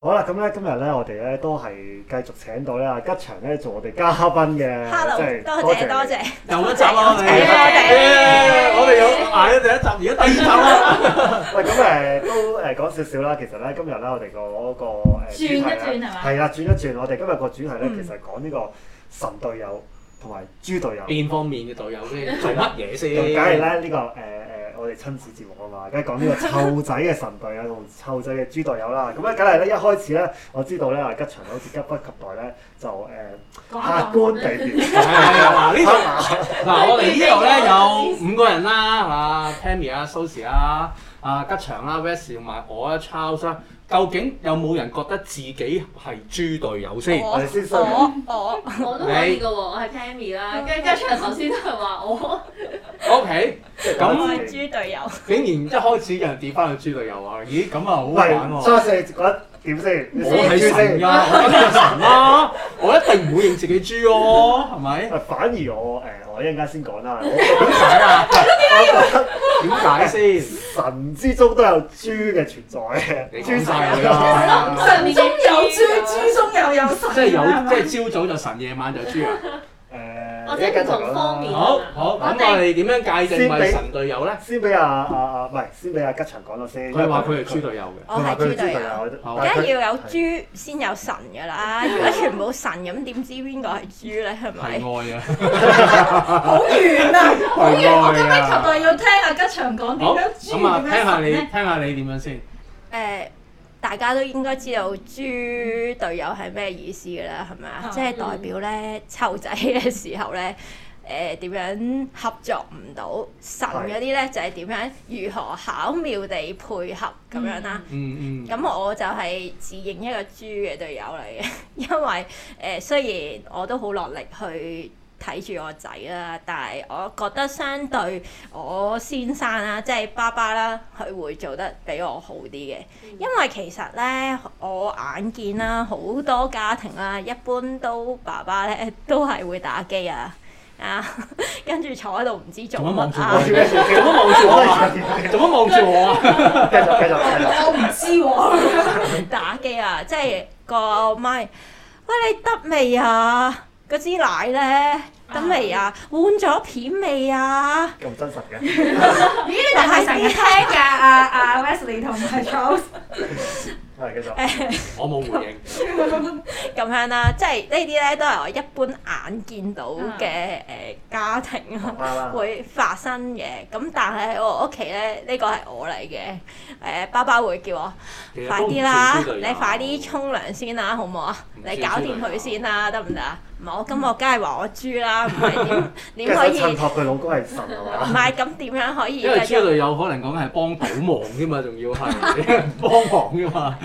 好啦，咁咧今日咧，我哋咧都係繼續請到咧吉祥咧做我哋嘉賓嘅。哈嘍，多謝有、啊、多謝，又一集啦，我哋有挨咗第一集，而家第二集啦、啊。喂、 嗯，咁誒都誒講少少啦。其實咧今日咧我哋個誒主題啦，係啦轉一轉。我哋今日個主題咧、啊，轉轉轉轉題其實講呢個神隊友同埋豬隊友。邊方面嘅隊友咩？做乜嘢先？假如咧呢個誒。呃呃我哋親子節目啊嘛，梗係講呢個湊仔嘅神隊友同湊仔嘅豬隊友啦。咁樣梗係咧，一開始咧，我知道咧，吉祥好似急不及待咧，就、呃、誒，客觀地點、嗯。係、嗯嗯、 啊，嗱呢度，嗱我哋呢度咧有五個人啦，嚇，Tammy 啊，Sushi 啊。啊！吉祥啦、啊、，West 同埋我啦 Charles 究竟有冇人覺得自己係豬隊友先？我我我都可以㗎喎，我係 Tammy 啦。跟住吉祥頭先都係話我。O K，咁我係豬隊友。竟然一開始人跌翻去豬隊友啊？咦，咁啊好玩喎！三 四一。我點先？我係神噶，我係神啦，我一定唔會認自己豬喎，係咪？反而我誒，我一陣間先講啦。點解啊？點解先？神之中都有豬嘅存在嘅，豬神中有豬，豬中又有神。即係有，即係朝早就神，夜晚就豬啊！或者各方面，好好咁，我哋點樣界定係神隊友咧？先俾阿阿阿唔係，先俾阿吉祥講到先。佢話佢係豬隊友嘅，我係豬隊友。而家要有豬先有神㗎啦，如果全部神咁，點知邊個係豬咧？係咪？係愛啊！好遠啊！好遠！我咁樣求代要聽阿吉祥講點樣豬點樣神咧？好咁啊，聽下你聽下你點樣先？誒。大家都應該知道豬隊友係咩意思㗎啦，係咪啊？嗯、即係代表咧，湊仔嘅時候咧，誒、呃、點樣合作唔到，神嗰啲咧就係、係、點樣如何巧妙地配合咁樣啦、嗯。嗯咁、嗯、我就係自認一個豬嘅隊友嚟嘅，因為誒、呃、雖然我都好落力去。睇住我仔啦，但係我覺得相對我先生啦，即係爸爸啦，佢會做得比我好啲嘅。因為其實咧，我眼見啦、啊，好多家庭啦、啊，一般都爸爸咧都係會打機啊，啊，跟住坐喺度唔知做乜啊，做乜望住我做乜望住我啊，繼續繼續繼續，繼續繼續我唔知喎、啊，打機啊，即係個阿媽，喂你得未啊？嗰支奶咧，等嚟啊？換咗片未啊？咁真實嘅，咦？你係邊廳嘅？阿阿 Wesley 同埋 r l s 係我冇回應。咁樣啦，即係呢啲咧都係我一般眼見到嘅誒家庭會發生嘅。咁但係喺我屋企咧，呢個係我嚟嘅。誒，包爸會叫我快啲啦，你快啲沖涼先啦，好唔好啊？你搞掂佢先啦，得唔得啊？我咁我梗係話我豬啦，唔係點點可以？因為 襯托佢老公係神啊嘛。唔係， 咁點樣可以？因為豬類有可能講係幫到忙添嘛，仲要係唔 幫忙噶嘛。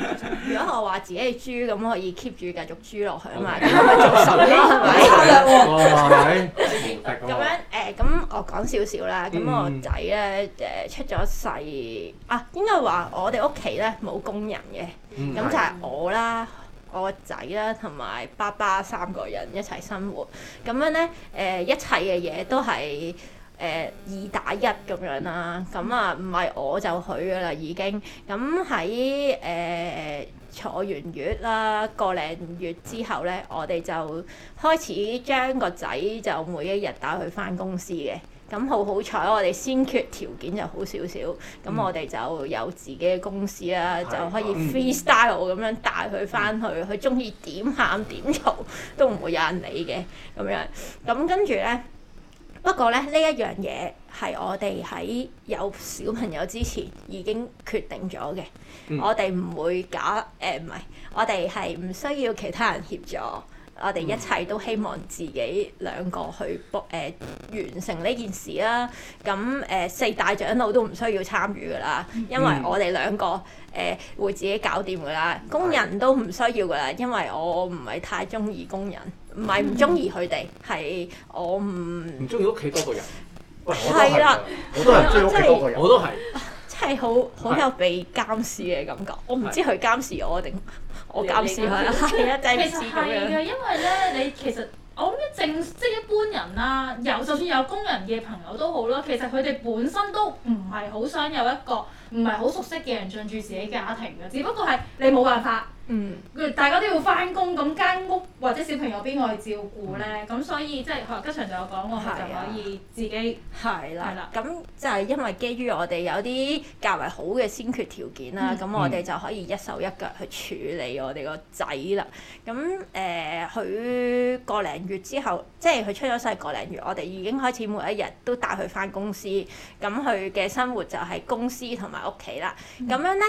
如果我話自己係豬，咁可以 keep 住繼續豬落去啊嘛，繼 Okay. 做神啊，係咪？咁樣誒，咁、呃、我講少少啦。咁我仔咧誒出咗世、嗯、啊，應該話我哋屋企咧冇工人嘅，咁就係我啦。我個仔啦，同埋爸爸三個人一齊生活，咁樣咧，誒、呃、一切嘅嘢都係誒、呃、二打一咁樣啦。咁啊，唔係我就佢噶啦，已經。咁喺誒坐完月啦，個零月之後咧，我哋就開始將個仔就每一日帶去返公司嘅。咁好好彩，我哋先決條件就好少少，咁我哋就有自己嘅公司啦，嗯、就可以 freestyle 咁樣帶佢翻去，佢中意點喊點嘈都唔會有人理嘅咁樣。咁跟住咧，不過咧呢一樣嘢係我哋喺有小朋友之前已經決定咗嘅、嗯呃，我哋唔會假誒唔係，我哋係唔需要其他人協助。我哋一切都希望自己兩個去博、呃、完成呢件事啦、啊。咁、嗯、誒四大長老都唔需要參與噶啦，因為我哋兩個誒、呃、會自己搞掂噶啦。嗯、工人都唔需要噶啦，因為我唔係太中意工人，唔係唔中意佢哋，係、嗯、我唔唔中意屋企多個人。係啦，我都係中意屋企多個人，就是、我都係真係好好有被監視嘅感覺。的我唔知佢監視我定？我搞笑係啦，其實係嘅，樣因為咧，你其實我諗一正即係一般人啦、啊，有就算有工人嘅朋友都好啦，其實佢哋本身都唔係好想有一個唔係好熟悉嘅人進駐自己嘅家庭嘅，只不過係你冇辦法。嗯，佢大家都要翻工，咁間屋或者小朋友邊個去照顧咧，咁、嗯、所以即係何吉祥就有講，我就可以自己係啦。咁就係因為基於我哋有啲較為好嘅先決條件啦，咁、嗯、我哋就可以一手一腳去處理我哋、嗯呃、個仔啦。咁誒，佢個零月之後，即係佢出咗世個零月，我哋已經開始每一日都帶佢翻公司。咁佢嘅生活就係公司同埋屋企啦。咁、嗯、樣咧。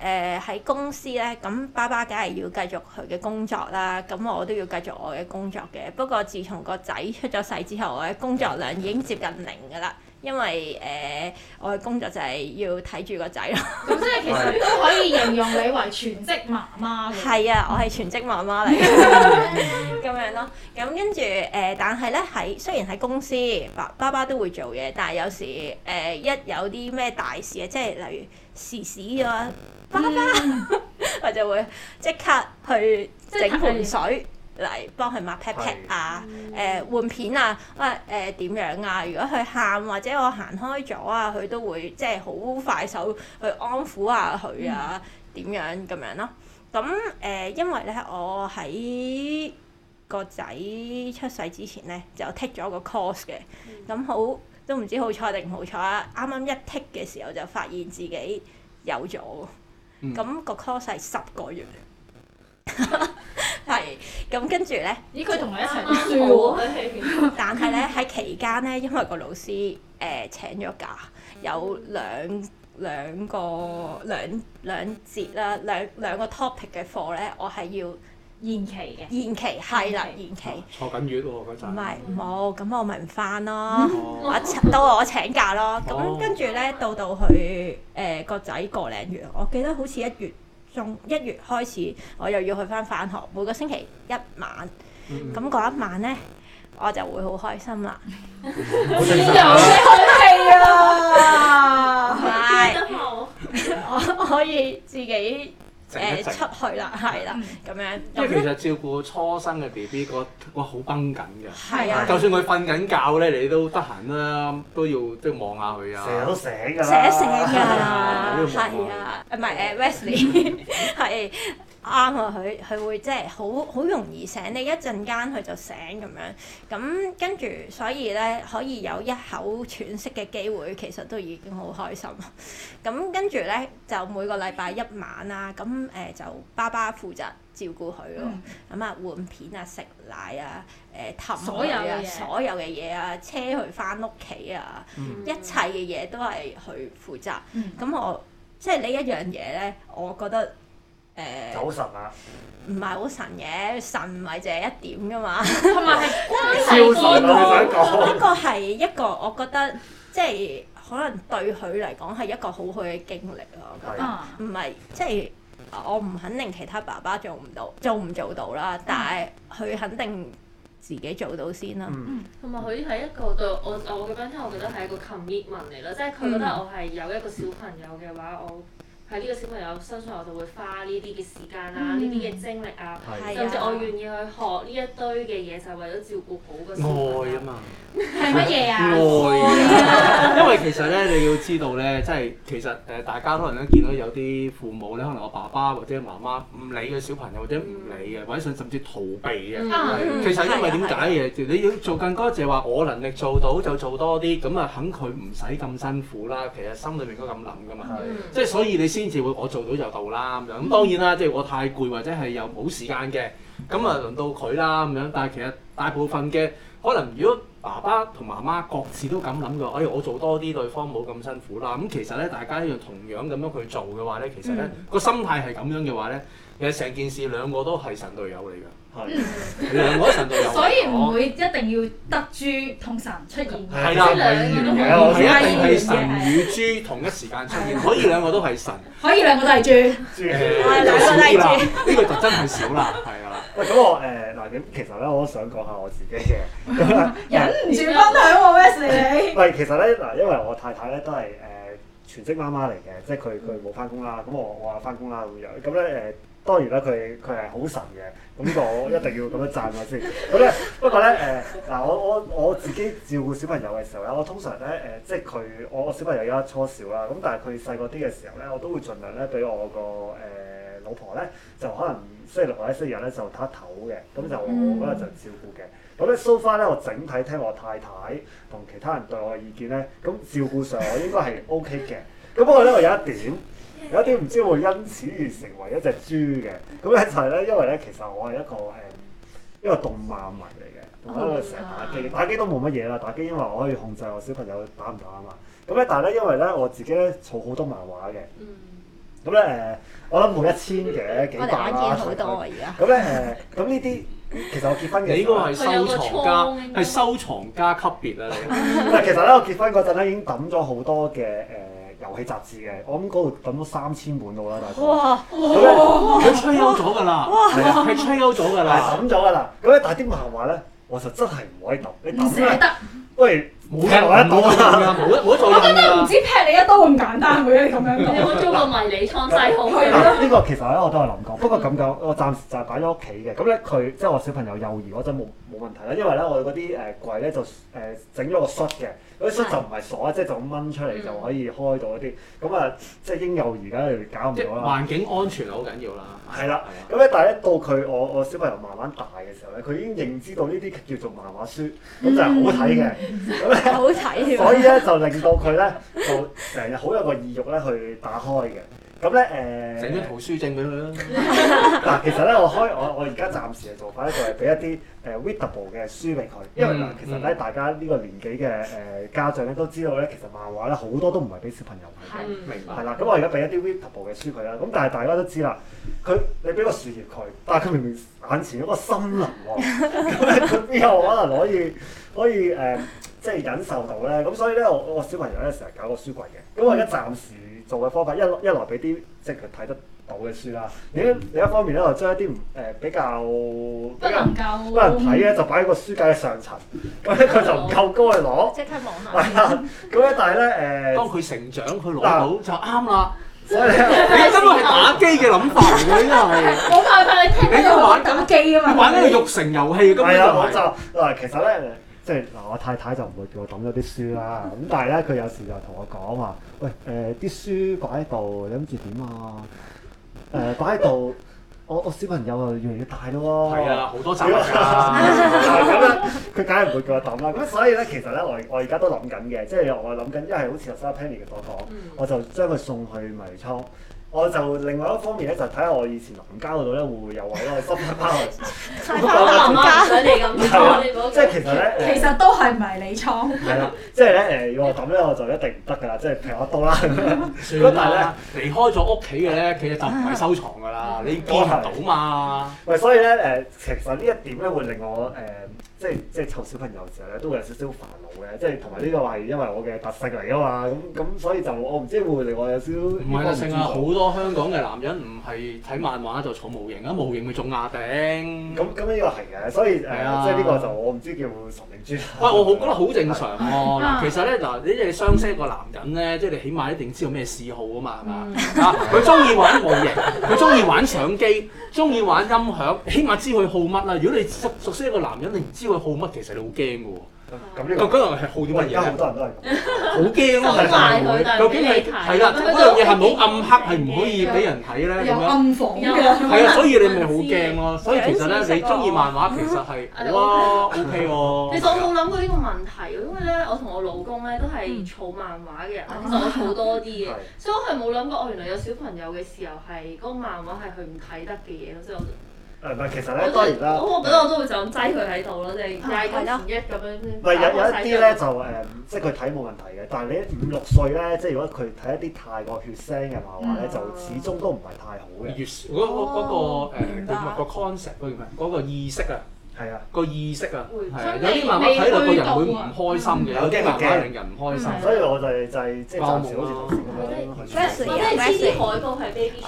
誒，喺公司咧，咁爸爸梗係要繼續佢嘅工作啦，咁我都要繼續我嘅工作嘅。不過自從個仔出咗世之後，我嘅工作量已經接近零㗎喇。因為誒、呃，我嘅工作就係要睇住個仔咯。咁即係其實都可以形容你為全職媽媽嘅。係啊，我係全職媽媽嚟嘅。咁樣咯，咁跟住誒，但係咧喺雖然喺公司，爸爸爸都會做嘢，但係有時誒一有啲咩大事啊，即係例如屎屎咗爸爸，我就會即刻去整盆水。嚟幫佢抹 pat pat 啊，誒的、呃、換片啊，喂、呃，誒、呃、點樣啊？如果佢喊或者我行開咗啊，佢都會即係好快手去安撫下佢啊，點、嗯、樣咁樣咯、啊？咁誒、呃，因為咧我喺個仔出世之前咧就 take 咗個 course 嘅，咁、嗯、好都唔知好彩定唔好彩啊！啱啱一 take 嘅時候就發現自己有咗，咁、嗯、個 course 係十個月。係，咁 跟住咧，咦佢同我一齊住喎，但係咧喺期間咧，因為個老師誒、呃、請咗假，有兩兩個兩兩節啦，兩兩個 topic 嘅課咧，我係要延期嘅，延期係期啦，延期坐緊月喎嗰陣，唔係冇，咁我咪唔返咯，我到、 啊、我請假咯，咁跟住咧到到佢誒個仔個零月，我記得好似一月。1 從一月開始，我又要去翻返學，每個星期一晚，咁嗰、mm hmm. 一晚呢，我就會好開心啦。有咩好係啊？我我可以自己。誒、呃、出去啦，係啦、嗯，咁樣。即係其實照顧初生嘅 B B 個，好崩、嗯、緊嘅。係啊的，就算佢瞓緊覺咧，你都得閒啦，都要即係望下佢啊。成日都醒㗎。醒醒㗎，係啊，唔係誒，Wesley 係。 啱啊，佢佢、嗯、會即係好好容易醒，你一陣間佢就醒咁樣。咁跟住，所以咧可以有一口喘息嘅機會，其實都已經好開心。咁跟住咧，就每個禮拜一晚啦。咁誒、呃、就爸爸負責照顧佢咯。咁、嗯、啊，換片啊，食奶啊，誒氹佢啊，所有嘅嘢啊，車佢翻屋企啊，一切嘅嘢都係佢負責。咁、嗯、我即係呢一樣嘢咧，我覺得。誒，好神、呃、啊！唔係好神嘅，神唔係淨係一點噶嘛。同埋係，呢係、那個、一個，呢個係一個好好，我覺得、啊、即係可能對佢嚟講係一個好好嘅經歷咯。我覺得唔係即係我唔肯定其他爸爸做唔到，做唔做到啦。但係佢肯定自己做到先啦。同埋佢係一個對我我咁樣聽，我覺得係一個 commitment 嚟咯。即係佢覺得我係有一個小朋友嘅話，我。喺呢個小朋友身上，我就會花呢啲嘅時間啦，呢啲嘅精力啊，甚至我願意去學呢一堆嘅嘢，就係為咗照顧好個小朋友愛啊嘛。係乜嘢啊？愛啊！因為其實咧，你要知道咧，即係其實誒，大家可能咧見到有啲父母咧，可能我爸爸或者媽媽唔理個小朋友，或者唔理嘅，或者甚至逃避嘅。啊！其實因為點解嘅？你要做更多，就係話我能力做到就做多啲，咁啊肯佢唔使咁辛苦啦。其實心裏面都咁諗㗎嘛。即係所以你。先至會我做到就到啦咁樣，咁當然啦，即係我太攰或者係又冇時間嘅，咁啊輪到佢啦咁樣。但係其實大部分嘅可能，如果爸爸同媽媽各自都咁諗嘅，哎，我做多啲，對方冇咁辛苦啦。咁其實咧，大家一樣同樣咁樣去做嘅話咧，其實咧個心態係咁樣嘅話咧，其實成件事兩個都係神隊友嚟嘅。嗯，兩個神都有。所以唔會一定要得豬同神出現。係啦，兩個唔介意嘅。係一定係神與豬同一時間出現，可以兩個都係神，可以兩個都係豬。誒，兩個都係豬。呢個就真係少啦，係啊。喂，咁我誒嗱，點其實咧，我都想講下我自己嘅。忍唔住分享喎，咩事你？喂，其實咧嗱，因為我太太咧都係誒全職媽媽嚟嘅，即係佢佢冇翻工啦，咁我我翻工啦咁樣，咁咧誒。當然啦，佢佢係好神嘅，咁、那個、我一定要咁樣贊佢先。咁咧不過咧誒嗱，我我我自己照顧小朋友嘅時候咧，我通常咧誒、呃、即係佢我，我小朋友而家初小啦，咁但係佢細個啲嘅時候咧，我都會盡量咧俾我個誒、呃、老婆咧就可能即係星期六或者星期日咧就唞一唞嘅，咁就我嗰日就照顧嘅。咁咧收翻咧，so、far，我整體聽我太太同其他人對我嘅意見咧，咁照顧上我應該係 OK 嘅。咁 不過咧我有一點。有一啲唔知會因此而成為一隻豬嘅，咁一齊咧，因為咧，其實我係一個誒一個動漫迷嚟嘅，咁喺度成日打機，打機都冇乜嘢啦，打機因為我可以控制我小朋友打唔打啊嘛，咁咧，但係但係咧，因為咧，我自己咧儲好多漫畫嘅，咁咧誒，我諗冇一千嘅幾百啦、啊，好 多啊而家，咁咧誒，咁呢啲其實我結婚嘅，你應該係收藏家，係、啊、收藏家級別啦、啊，但係 其實咧，我結婚嗰陣咧已經揼咗好多嘅誒。呃遊戲雜誌嘅，我諗嗰度揼咗三千本到啦，大哥。哇！佢吹悠咗㗎啦，係啊，係吹咗㗎啦，揼咗㗎啦。咁咧，但啲漫畫咧，我就真係唔可以抌，唔捨得。喂，冇得冇得講啦，我覺得唔知劈你一刀咁唔簡單嘅，咁樣，你有冇租個迷你倉細號嘅？呢個其實咧我都係諗過，不過咁講，我暫時就擺咗屋企嘅。咁咧佢即係我小朋友幼兒嗰陣冇冇問題咧，因為咧我哋嗰啲誒櫃咧就誒整咗個篳嘅。嗰啲、嗯、書就唔係鎖，即係就掹、是、出嚟就可以開到嗰啲。咁、嗯就是、啊，即係嬰幼而家搞唔到啦。環境安全好緊要啦。係啦。咁咧，但係一到佢，我我小朋友慢慢大嘅時候咧，佢已經認知到呢啲叫做漫畫書，咁就係好睇嘅。好睇。所以咧，就令到佢咧，就成日好有個意欲咧去打開嘅。咁咧，誒整啲圖書證俾佢啦。嗱，其實咧，我開我我而家暫時嘅做法咧，就係俾一啲誒 readable 嘅書俾佢，因為嗱，嗯嗯、其實咧，大家呢個年紀嘅誒家長咧，都知道咧，其實漫畫咧好多都唔係俾小朋友睇，的明白？係啦，咁我而家俾一啲 readable 嘅書佢啦。咁但係大家都知啦，佢你俾個樹葉佢，但係佢明明眼前有個森林喎、啊，咁咧佢邊有可能可以可以誒、呃，即係忍受到咧？咁所以咧，我我，我小朋友咧成日搞個書櫃嘅，咁我而家暫時。做嘅方法一一來俾啲即係佢睇得到嘅書啦，另一另一方面咧就將一啲唔誒比較不能夠人睇咧就擺喺個書架嘅上層，咁咧佢就唔夠高去攞，即睇網下。係啦，咁咧但係咧誒，當佢成長，佢攞到就啱啦。你真係係打機嘅諗法喎，依家係冇辦法你。你依家玩打機啊嘛？你玩呢個育成遊戲，根本我就嗱，其實咧。即係嗱，我太太就唔會叫我抌咗啲書啦。咁但係咧，佢有時就同我講話，喂，誒、呃、啲書擺喺度，你諗住點啊？誒擺喺度，我我小朋友又越嚟越大咯喎。係啊，好多集㗎。咁樣佢梗係唔會叫我抌啦。咁所以咧，其實咧，我我而家都諗緊嘅，即係我諗緊，因為好似阿 Sarah Penny 嘅所講，我就將佢送去迷倉。我就另外一方面咧，就睇下我以前男家嗰度咧，會唔會有位嗰個心包？心包男家上嚟咁，即係其實咧，欸、其實都係唔係你倉？係啦，即係咧誒，如果我噉咧，我就一定唔得噶啦，即、就、係、是、平得多啦。如 果了但係咧離開咗屋企嘅咧，其實就唔係收藏噶啦，你見唔到嘛？喂，所以咧誒，其實呢一點咧，會令我誒。呃即係即係湊小朋友時候咧都會有少少煩惱嘅，即係同埋呢個係因為我嘅特色嚟啊嘛，咁咁所以就我唔知會唔會令我有少少唔係啦，好多香港嘅男人唔係睇漫畫就坐模型啊，模型會仲亞頂。咁咁呢個係嘅，所以係啊，即係呢個就我唔知叫神明珠。喂，我好覺得好正常喎，其實咧嗱，你哋相識一個男人咧，即係你起碼一定知道咩嗜好啊嘛，係嘛？啊，佢中意玩模型，佢中意玩相機，中意玩音響，起碼知佢好乜啦。如果你熟熟悉一個男人，你唔知好乜？其實你好驚嘅喎。咁呢個，咁嗰係好啲乜嘢？好多人都係好驚咯，係咪？究竟係，係啦，嗰樣嘢係冇暗黑，係唔可以俾人睇咧有暗房嘅，係啊，所以你咪好驚咯。所以其實咧，你中意漫畫其實係好啊，OK 喎。其實我冇諗過呢個問題，因為咧，我同我老公咧都係儲漫畫嘅人，其實我儲多啲嘅，所以我係冇諗過，我原來有小朋友嘅時候係嗰漫畫係佢唔睇得嘅嘢，即係我。唔係，其實咧當然啦。我我覺得我都會就咁擠佢喺度咯，即係擠個前咁樣。唔係有有一啲咧就誒，即係佢睇冇問題嘅。但係你五六歲咧，即係如果佢睇一啲太過血腥嘅漫畫咧，就始終都唔係太好嘅。嗰個嗰個 concept 叫意識啊，係啊，個意識啊，係有啲漫畫睇到個人會唔開心嘅，有驚有驚，令人唔開心。所以我就係就係即係暫時好似冇乜。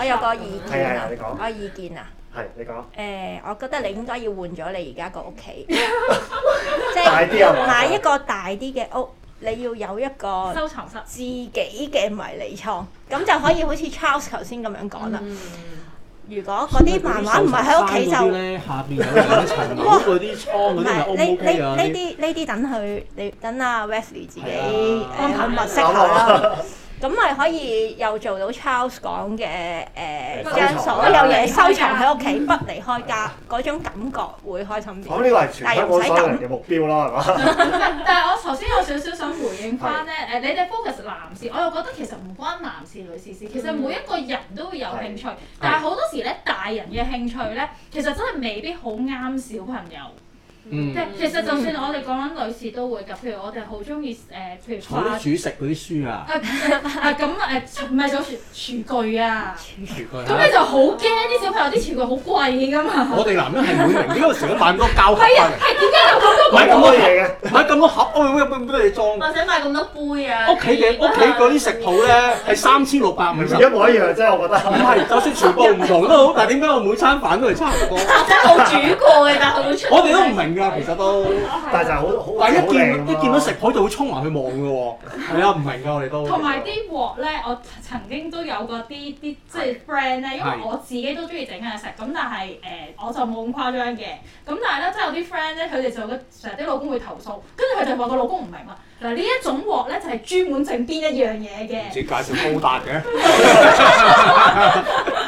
我有個意見啊！我意見啊！係，你講。誒，我覺得你應該要換咗你而家個屋企，即係買一個大啲嘅屋，你要有一個收藏室，自己嘅迷你倉，咁就可以好似 Charles 頭先咁樣講啦。如果嗰啲漫畫唔係喺屋企就咧，下邊嗰啲層嗰啲窗嗰啲 O O P 啊。呢呢呢啲呢啲等佢，你等阿 Wesley 自己安排物色下啦。咁咪可以又做到 Charles 講嘅誒，將、呃、所有嘢收藏喺屋企，不離開家嗰、嗯、種感覺會開心啲。我呢個係全家冇曬人嘅目標啦，係嘛、嗯？但係 我頭先有少少想回應翻咧，誒是，你哋 focus 男士，我又覺得其實唔關男士女士事，其實每一個人都會有興趣，但係好多時咧，大人嘅興趣咧，其實真係未必好啱小朋友。即係其實就算我哋講緊女士都會㗎，譬如我哋好中意誒，譬如菜煮食嗰啲書啊。啊啊啊！咁誒，唔係煮食。廚具啊。啲廚具。咁咧就好驚啲小朋友啲廚具好貴㗎嘛。我哋男人係唔會明，因為成日買咁多膠盒係啊！係點解有咁多？買咁多嘢嘅，買咁多盒，我會咁多嘢俾裝。或者買咁多杯啊。屋企嘅屋企嗰啲食譜咧係三千六百唔一樣，唔可以話真，我覺得。唔係，就算全部唔同都好，但係點解我每餐飯都係差唔多？真係我冇煮過嘅，但係我哋都唔明。其實都，的但係就係好，好，好，但係一、啊、一見一見到食譜就會衝埋去望嘅喎。係啊， 唔明㗎，我哋都同埋啲鑊咧，我曾經都有過啲啲，即係 friend 咧，因為我自己都中意整嘢食。咁但係誒、呃，我就冇咁誇張嘅。咁但係咧，真係有啲 friend 咧，佢哋就得，成日啲老公會投訴，跟住佢就話個老公唔明啊。嗱，呢一種鑊咧就係專門整邊一樣嘢嘅。先介紹高達嘅。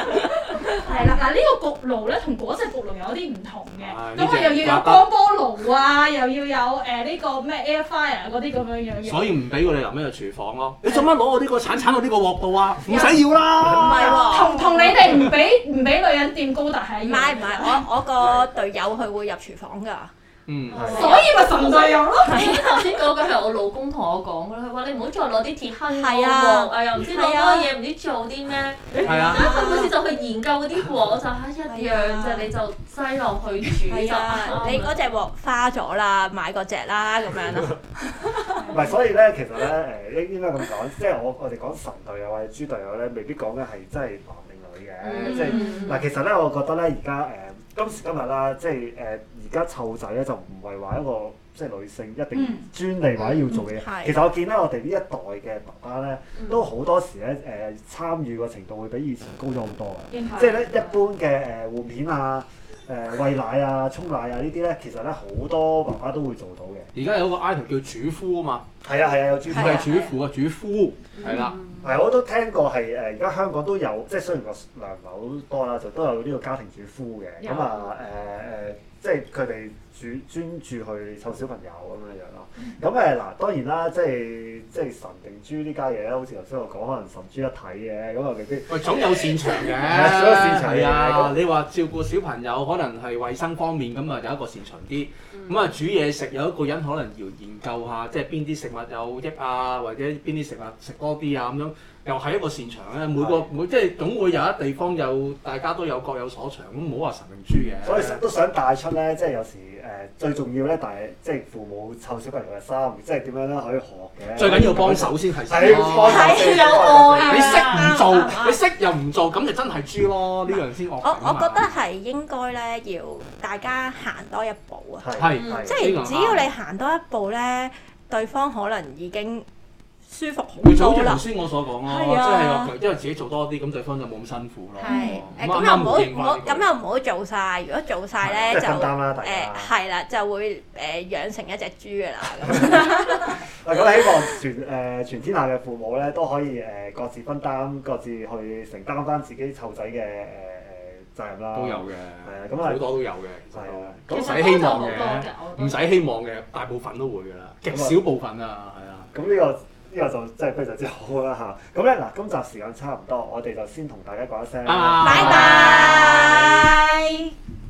係啦，嗱呢個焗爐咧同嗰隻焗爐有啲唔同嘅，咁我、啊、又要有光波爐啊，啊又要有誒呢、呃這個咩 air fryer 嗰啲咁樣樣嘅。所以唔俾我哋入咩廚房咯、啊？欸、你做乜攞我呢、這個鏟鏟我呢個鑊度啊？唔使要啦、啊，唔係喎。同同 你哋唔俾唔俾女人掂高達係？唔係唔係，我我個隊友佢會入廚房噶。所以咪神隊友咯！頭先講嘅係我老公同我講嘅啦，佢話你唔好再攞啲鐵鏗鍋啊，又唔知攞乜嘢，唔知做啲咩，咁佢好似就去研究嗰啲鑊。我就嚇一樣，即係你就擠落去煮就。你嗰隻鍋花咗啦，買嗰隻啦咁樣啦。唔係，所以咧，其實咧，誒應應該咁講，即係我我哋講神隊友或者豬隊友咧，未必講嘅係真係男定女嘅。即係嗱，其實咧，我覺得咧，而家誒。今時今日啦，即係誒而家湊仔咧就唔係話一個即係女性一定專利或者要做嘅嘢。嗯嗯、其實我見咧我哋呢一代嘅爸爸咧，嗯、都好多時咧誒、呃、參與嘅程度會比以前高咗好多。是即係咧的一般嘅誒、呃、換片啊。誒餵、呃、奶啊、沖奶啊呢啲咧，其實咧好多爸爸都會做到嘅。而家有個 item 叫主夫啊嘛，係、嗯、啊係啊，有主夫係主夫啊，啊主夫係啦。係、啊嗯啊、我都聽過係誒，而、呃、家香港都有，即係雖然個量唔係好多啦，就都有呢個家庭主夫嘅。咁有啊誒誒、呃，即係佢哋。專專注去湊小朋友咁樣樣咯。咁誒嗱，當然啦，即係即係神定珠呢家嘢好似頭先我講，可能神珠一體嘅咁啊嗰總有擅長嘅，欸、對總有擅長嘅。啊，那個、你話照顧小朋友，可能係衞生方面咁啊，有一個擅長啲。咁啊、嗯，煮嘢食有一個人可能要研究下，即係邊啲食物有益啊，或者邊啲食物食多啲啊咁樣。又係一個擅長咧，每個每即係總會有一地方有，大家都有各有所長，咁唔好話神明豬嘅。所以成日都想帶出咧，即係有時誒，最重要咧，但係即係父母湊小朋友嘅衫，即係點樣咧可以學嘅。最緊要幫手先係，先要有愛。你識唔做，你識又唔做，咁就真係豬咯，呢樣先惡。我我覺得係應該咧，要大家行多一步啊！係係，即係只要你行多一步咧，對方可能已經。舒服好多咯，頭先我所講啦，係啊，即係因為自己做多啲，咁對方就冇咁辛苦咯。咁又唔好咁又唔好做曬，如果做曬咧就誒係啦，就會誒養成一隻豬嘅啦。嗱，咁希望全誒全天下嘅父母咧都可以誒各自分擔，各自去承擔翻自己湊仔嘅誒誒責任啦。都有嘅，係啊，咁啊好多都有嘅，係啊，唔使希望嘅，唔使希望嘅，大部分都會嘅啦，極少部分啊，係啊，咁呢個。呢個就真係非常之好啦嚇！咁咧嗱，今集時間差唔多，我哋就先同大家講一聲拜拜。